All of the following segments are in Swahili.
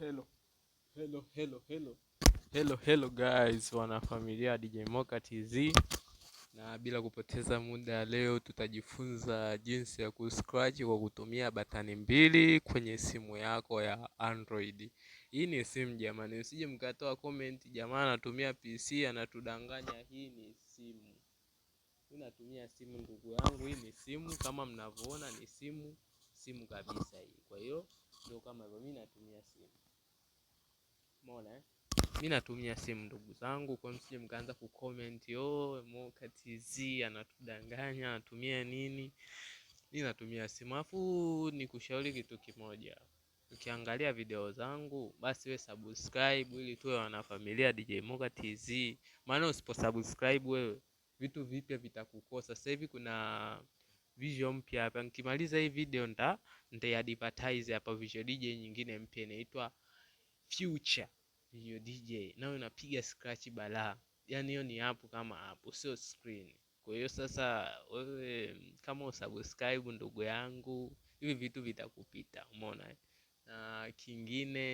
Hello, hello, hello, hello, hello, hello guys, wanafamilia DJ Moka TZ, na bila kupoteza muda, leo tutajifunza jinsi ya kuscratch kwa kutumia batani mbili kwenye simu yako ya Android. Hii ni simu jamani, usije mkatoa comment jamani anatumia PC anatudanganya. Hii ni simu, mimi natumia simu ndugu yangu, hii ni simu kama mnavyoona, ni simu simu kabisa hii. Kwa hiyo ndio kama hivyo, mimi natumia simu Umeona eh? Mimi natumia simu ndugu zangu, kwa msije mkaanza ku comment yo Moka TZ anatudanganya anatumia nini. Mi natumia simu, afu nikushauri kitu kimoja, ukiangalia video zangu basi we subscribe ili tuwe wanafamilia DJ Moka TZ, maana usipo subscribe wewe vitu vipya vitakukosa. Sasa hivi kuna video mpya hapa, nikimaliza hii video nda nda advertise hapa video DJ nyingine mpya inaitwa Future video DJ nayo unapiga scratch balaa, yani hiyo ni app kama app, sio screen. Kwa hiyo sasa wewe kama usubscribe, ndugu yangu, hivi vitu vitakupita, umeona. Eh? Na kingine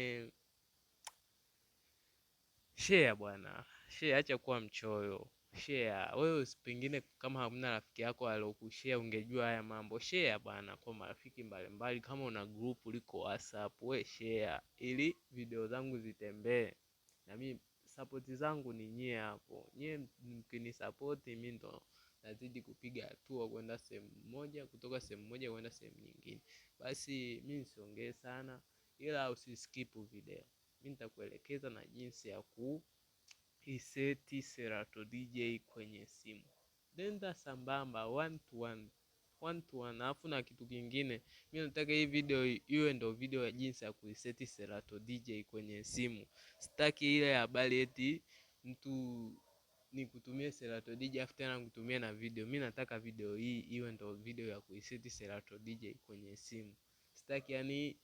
share bwana, share, acha kuwa mchoyo share. Wewe pengine kama hamna rafiki yako alokushare, ungejua haya mambo. Share bwana kwa marafiki mbalimbali, kama una group liko WhatsApp, we share ili video zangu zitembee, na mimi support zangu ni nyie hapo. Nyie support mimi ndo nazidi kupiga hatua kwenda sehemu moja, kutoka sehemu moja kwenda sehemu nyingine. Basi mimi nisiongee sana, ila usiskipu video, mimi nitakuelekeza na jinsi ya ku Hiseti dj kwenye simu, nenda sambamba one to one one to one. Alafu na kitu kingine, mimi nataka hii video iwe ndo video ya jinsi ya kuiseti serato dj kwenye simu. Sitaki ile habari eti mtu nikutumie Seratodj afu tena nikutumie na video. Mimi nataka video hii iwe ndo video ya kuiseti Seratodj kwenye simu. Sitaki yani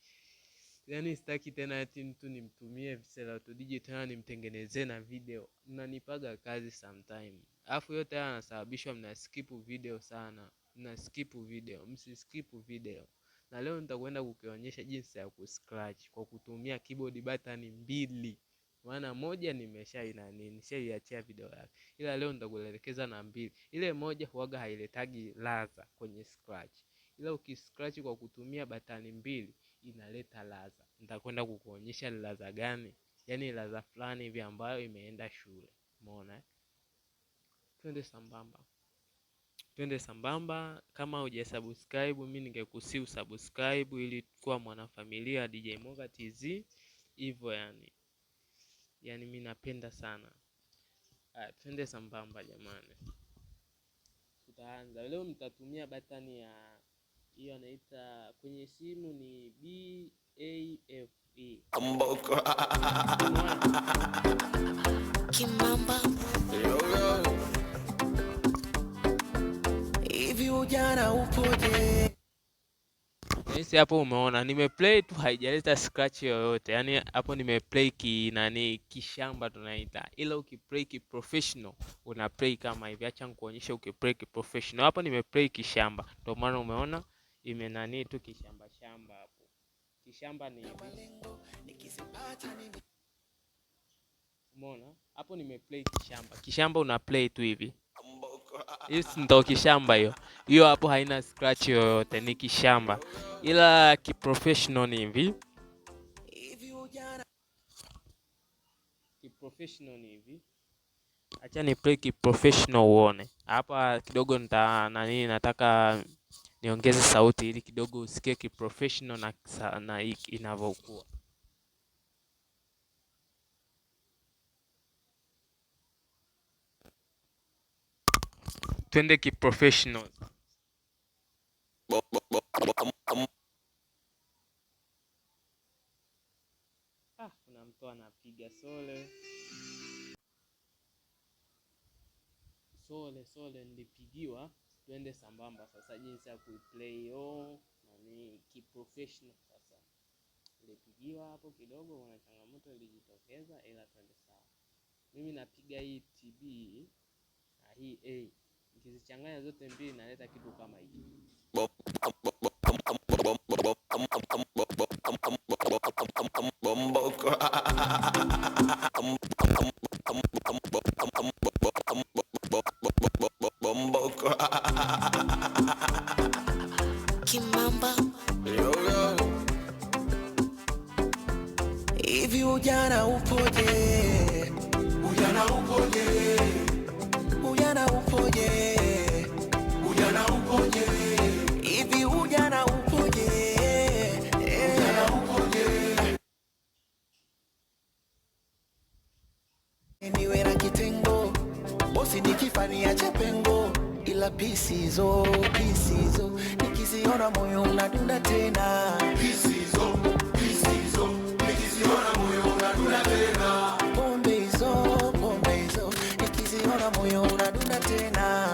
Yani sitaki tena ati mtu nimtumie Virtual Digital nimtengenezee na video, mnanipaga kazi sometime. Alafu yote haya anasababishwa mnaskipu video sana, mnaskipu video, msiskipu video. Na leo nitakwenda kukionyesha jinsi ya kuscratch kwa kutumia keyboard button mbili, maana moja nimesha inani nishaiachia video yake, ila leo nitakuelekeza na mbili. Ile moja huaga hailetagi ladha kwenye scratch, ila ukiscratch kwa kutumia batani mbili inaleta ladha. Nitakwenda kukuonyesha ladha gani, yaani ladha fulani hivi ambayo imeenda shule. Umeona Twende sambamba, twende sambamba. Kama hujasubscribe, mi ningekusi usubscribe ili kuwa mwanafamilia DJ Moga TZ hivyo yani, yani mi napenda sana. Aya, twende sambamba jamani, tutaanza leo. Nitatumia batani ya hiyo anaita kwenye simu ni B A F e. BAFE Kimamba. Hivi ujana upoje? Nahisi hapo umeona, nimeplay tu haijaleta scratch yoyote. Yaani hapo nimeplay ki nani kishamba tunaita, ila ukiplay ki professional una play kama hivi. Acha nikuonyesha ukiplay ki professional. Hapo nimeplay kishamba, ndio maana umeona imenani tu kishamba shamba hapo. Kishamba ni umeona hapo, nimeplay kishamba. Kishamba una play tu hivi, hiyo ndo kishamba hiyo hiyo hapo, haina scratch yoyote, ni kishamba, ila kiprofessional ni hivi kiprofessional ni hivi. Acha ni play kiprofessional uone hapa kidogo, nita nani nataka niongeze sauti ili kidogo usikie kiprofessional na, na inavyokuwa. Twende kiprofessional. Ah, kuna mtu anapiga sole sole sole, nilipigiwa twende sambamba sasa, jinsi ya kuiplay hiyo nani kiprofessional. Sasa nilipigiwa hapo kidogo, kuna changamoto ilijitokeza, ila twende sawa. Mimi napiga hii TB na hii A, nikizichanganya zote mbili naleta kitu kama hiki hivi ujana upoje? Ujana upoje? Ujana upoje? Ujana upoje? Hivi ujana upoje? Ujana upoje? Niwe na kitengo, bosi nikifanyia chepengo, ila pisizo pisizo, nikiziona moyo unadunda tena pisizo moyo unadunda tena